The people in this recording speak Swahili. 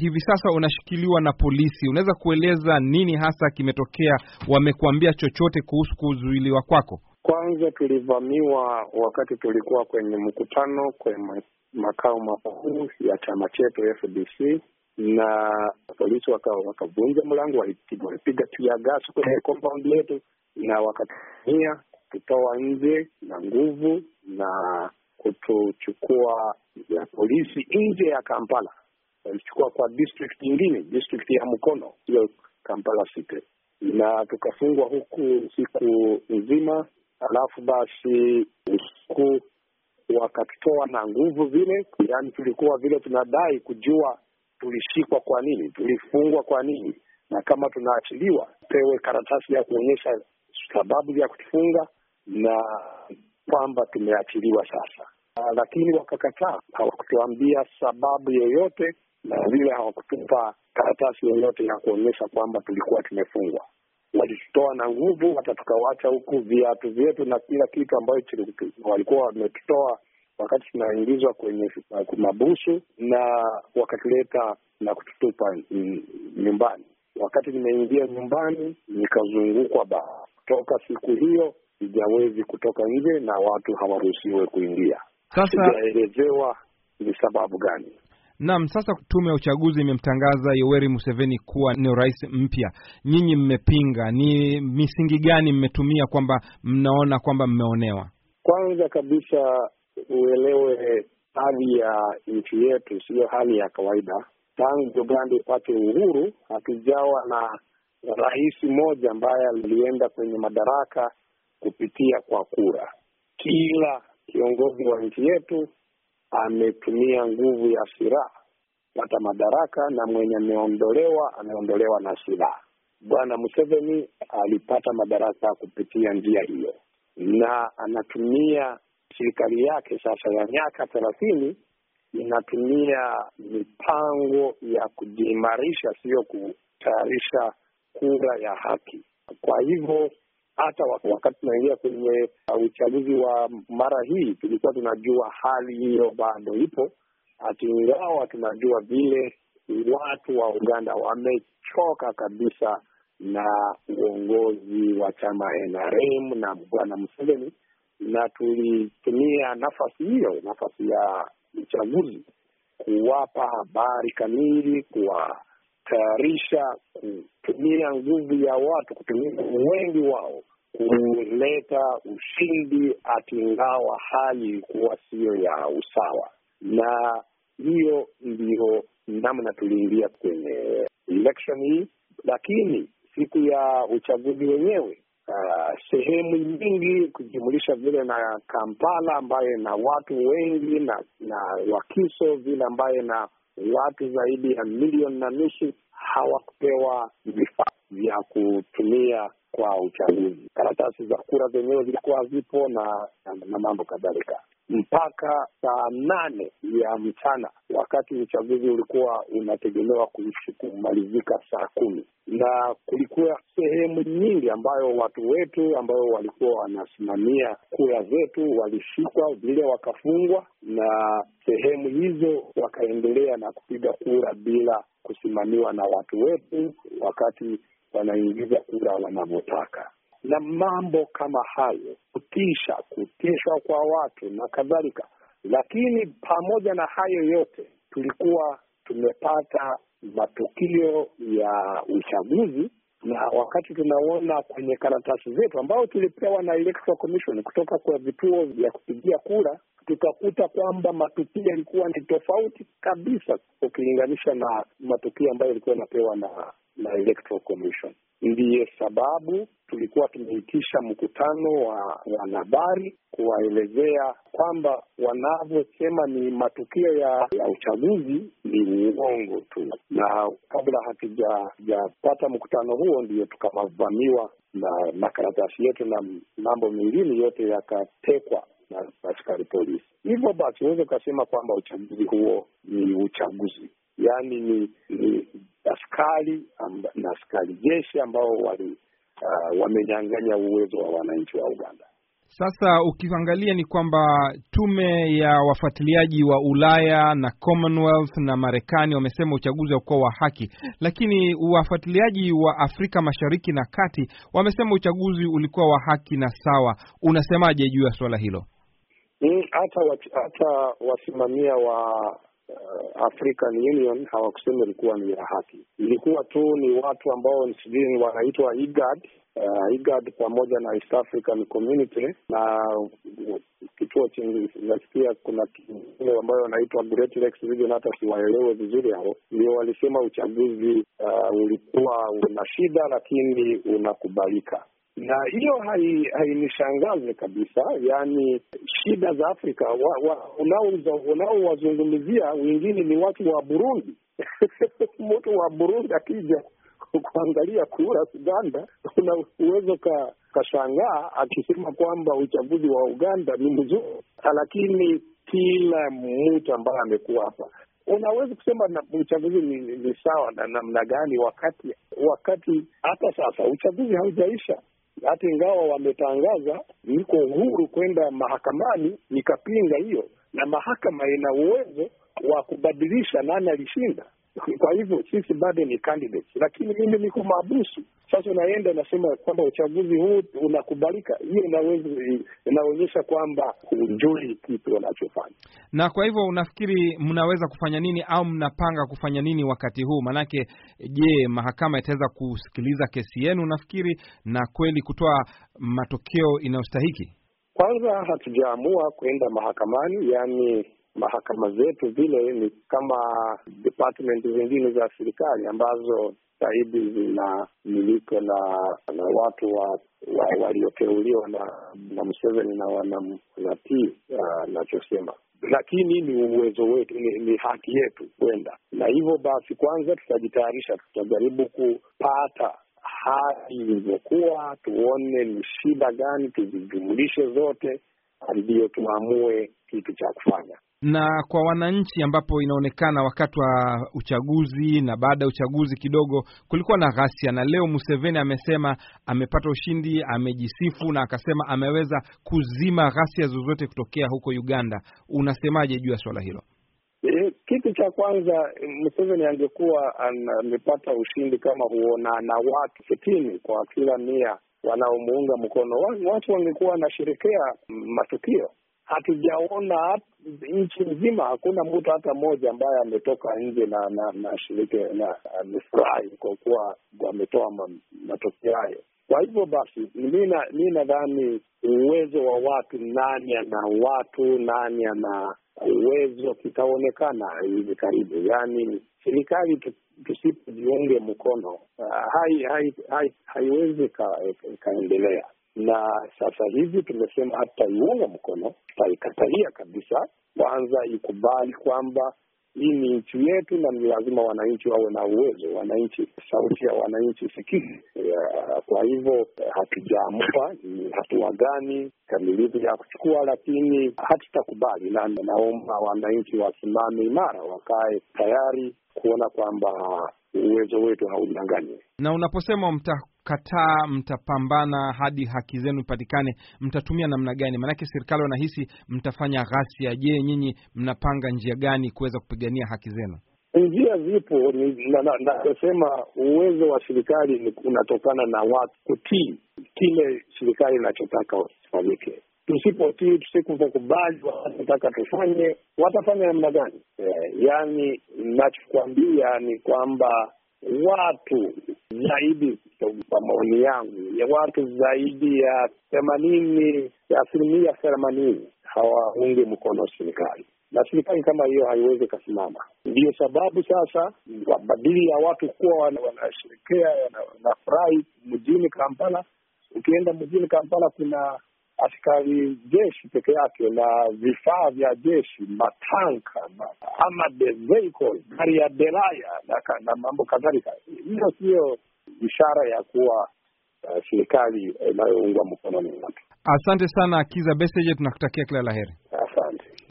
hivi sasa unashikiliwa na polisi, unaweza kueleza nini hasa kimetokea? Wamekuambia chochote kuhusu kuzuiliwa kwako? Kwanza tulivamiwa wakati tulikuwa kwenye mkutano kwenye makao makuu ya chama chetu FDC, na polisi wakavunja waka mlango, walipiga tia gasi kwenye eh. compound yetu na wakatumia kutoa nje na nguvu na kutuchukua ya polisi nje ya Kampala walichukua kwa district nyingine, district ya Mkono, hiyo Kampala City, na tukafungwa huku siku nzima. Alafu basi usiku wakatutoa na nguvu vile, yaani tulikuwa vile tunadai kujua tulishikwa kwa nini, tulifungwa kwa nini, na kama tunaachiliwa pewe karatasi ya kuonyesha sababu ya kutufunga na kwamba tumeachiliwa sasa. Lakini wakakataa, hawakutuambia sababu yoyote na vile hawakutupa karatasi yoyote ya kuonyesha kwamba tulikuwa tumefungwa. Walitutoa na nguvu, hata tukawacha huku viatu vyetu na kila kitu ambayo walikuwa wametutoa wakati tunaingizwa kwenye mabusu, na wakatuleta na kututupa nyumbani. Wakati nimeingia nyumbani, nikazungukwa ba Toka siku hiyo sijawezi kutoka nje, na watu hawaruhusiwe kuingia. Sasa sijaelezewa ni sababu gani. Naam, sasa tume ya uchaguzi imemtangaza Yoweri Museveni kuwa ni rais mpya. Nyinyi mmepinga, ni misingi gani mmetumia kwamba mnaona kwamba mmeonewa? Kwanza kabisa uelewe hali ya nchi yetu siyo hali ya kawaida. Tangu Uganda ipate uhuru, akijawa na rais mmoja ambaye alienda kwenye madaraka kupitia kwa kura. Kila kiongozi wa nchi yetu ametumia nguvu ya silaha pata madaraka, na mwenye ameondolewa ameondolewa na silaha. Bwana Museveni alipata madaraka kupitia njia hiyo, na anatumia serikali yake sasa ya miaka thelathini inatumia mipango ya kujiimarisha, sio kutayarisha kura ya haki. Kwa hivyo hata wakati tunaingia kwenye uh, uchaguzi wa mara hii tulikuwa tunajua hali hiyo bado ipo, hati ingawa tunajua vile watu wa Uganda wamechoka kabisa na uongozi wa chama NRM na Bwana mseveni na tulitumia nafasi hiyo, nafasi ya uchaguzi kuwapa habari kamili, kuwatayarisha, kutumia nguvu ya watu, kutumia wengi wao kuleta ushindi, ati ingawa hali ilikuwa siyo ya usawa. Na hiyo ndiyo namna tuliingia kwenye election hii, lakini siku ya uchaguzi wenyewe Uh, sehemu nyingi kujumulisha vile na Kampala ambayo na watu wengi na na Wakiso vile ambayo na watu zaidi ya milioni na nusu, hawakupewa vifaa vya kutumia kwa uchaguzi. Karatasi za kura zenyewe zilikuwa hazipo na, na, na mambo kadhalika mpaka saa nane ya mchana, wakati uchaguzi ulikuwa unategemewa kumalizika saa kumi, na kulikuwa sehemu nyingi ambayo watu wetu ambao walikuwa wanasimamia kura zetu walishikwa vile, wakafungwa, na sehemu hizo wakaendelea na kupiga kura bila kusimamiwa na watu wetu, wakati wanaingiza kura wanavyotaka na mambo kama hayo, kutisha, kutishwa kwa watu na kadhalika. Lakini pamoja na hayo yote, tulikuwa tumepata matukio ya uchaguzi na wakati tunaona kwenye karatasi zetu ambayo tulipewa na Electoral Commission kutoka kwa vituo vya kupigia kura, tutakuta kwamba matukio yalikuwa ni tofauti kabisa ukilinganisha na matukio ambayo yalikuwa yanapewa na na Electoral Commission. Ndiye sababu tulikuwa tumeitisha mkutano wa wanahabari kuwaelezea kwamba wanavyosema ni matukio ya, ya uchaguzi ni uongo tu, na kabla hatujapata mkutano huo ndiyo tukavamiwa na makaratasi yetu na mambo mengine yote yakatekwa na askari polisi. Hivyo basi huweze ukasema kwamba uchaguzi huo ni uchaguzi yaani ni, ni askari amba, na askari jeshi ambao wali uh, wamenyang'anya uwezo wa wananchi wa Uganda. Sasa ukiangalia ni kwamba tume ya wafuatiliaji wa Ulaya na Commonwealth na Marekani wamesema uchaguzi haukuwa wa haki, lakini wafuatiliaji wa Afrika Mashariki na Kati wamesema uchaguzi ulikuwa wa haki na sawa. Unasemaje juu ya suala hilo? Mm, hata hata wasimamia wa uh, African Union hawakusema ilikuwa ni ya haki, ilikuwa tu ni watu ambao sijui wanaitwa IGAD, uh, IGAD pamoja na East African Community na kituo chingi, nasikia kuna kile ambayo wanaitwa Great Lakes Region, hata siwaelewe vizuri hao, ndio walisema uchaguzi uh, ulikuwa una shida, lakini unakubalika na hiyo hainishangaze hai kabisa. Yaani shida za Afrika unaowazungumzia wengine ni watu wa Burundi mtu wa Burundi akija kuangalia kura Uganda una uwezo ka kashangaa akisema kwamba uchaguzi wa Uganda ni mzuri, lakini kila mtu ambaye amekuwa hapa unaweza kusema na uchaguzi ni, ni sawa na namna gani, wakati wakati hata sasa uchaguzi haujaisha hata ingawa wametangaza niko huru kwenda mahakamani nikapinga hiyo, na mahakama ina uwezo wa kubadilisha nani alishinda. Kwa hivyo sisi bado ni candidates, lakini mimi niko maabusu. Sasa unaenda unasema kwamba uchaguzi huu unakubalika, hiyo inaonyesha kwamba hujui kitu wanachofanya. Na kwa hivyo unafikiri mnaweza kufanya nini au mnapanga kufanya nini wakati huu? Maanake je, mahakama itaweza kusikiliza kesi yenu nafikiri na kweli kutoa matokeo inayostahiki? Kwanza hatujaamua kwenda mahakamani, yani mahakama zetu vile ni kama department zingine za serikali ambazo sahidi zinamilikwa na na watu wa walioteuliwa na na Museveni na wanatii ah, anachosema, lakini ni uwezo wetu, ni, ni haki yetu kwenda na hivyo basi. Kwanza tutajitayarisha, tutajaribu kupata hali ilivyokuwa, tuone ni shida gani, tuzijumulishe zote, ndiyo tuamue kitu cha kufanya na kwa wananchi, ambapo inaonekana wakati wa uchaguzi na baada ya uchaguzi kidogo kulikuwa na ghasia, na leo Museveni amesema amepata ushindi, amejisifu na akasema ameweza kuzima ghasia zozote kutokea huko Uganda. Unasemaje juu ya swala hilo? Eh, kitu cha kwanza Museveni angekuwa amepata ushindi kama huona na watu sitini kwa kila mia wanaomuunga mkono, watu wangekuwa wanasherekea matukio hatujaona nchi nzima, hakuna mtu hata mmoja ambaye ametoka nje na na na shiriki na amefurahi kwa kuwa wametoa matokeo hayo. Kwa hivyo basi, mi nadhani uwezo wa watu, nani ana watu, nani ana uwezo, kitaonekana hivi karibu. Yaani serikali tusipojiunge mkono, ah, haiwezi hai, hai, haiwezi ikaendelea na sasa hivi tumesema iunge mkono, tutaikatalia kabisa. Kwanza ikubali kwamba hii ni nchi yetu, na ni lazima wananchi wawe na uwezo, wananchi, sauti ya wananchi sikii. Kwa hivyo eh, hatujaamua ni hatua gani kamilifu ya kuchukua, lakini hatutakubali, na naomba wananchi wasimame imara, wakae tayari kuona kwamba uwezo wetu haudanganyi. Na unaposema mtakataa, mtapambana hadi haki zenu ipatikane, mtatumia namna gani? Maanake serikali wanahisi mtafanya ghasia. Je, nyinyi mnapanga njia gani kuweza kupigania haki zenu? Njia zipo, ninachosema na, na, uwezo wa serikali unatokana na watu kutii kile serikali inachotaka kifanyike tusipotii, tusipokubali wanataka tufanye, watafanya namna gani? Eh, yaani nachokwambia ni kwamba watu zaidi, kwa maoni yangu, ya watu zaidi ya themanini, asilimia themanini hawaungi mkono serikali na serikali kama hiyo haiwezi ikasimama. Ndiyo sababu sasa badili ya watu kuwa wanasherekea wanafurahi mjini Kampala, ukienda mjini Kampala kuna askari jeshi peke yake na vifaa vya jeshi, matanka ama gari ya deraya na mambo kadhalika. Hiyo siyo ishara ya kuwa uh, serikali inayoungwa mkono ni watu. Asante sana Kiza Besigye, tunakutakia kila la heri.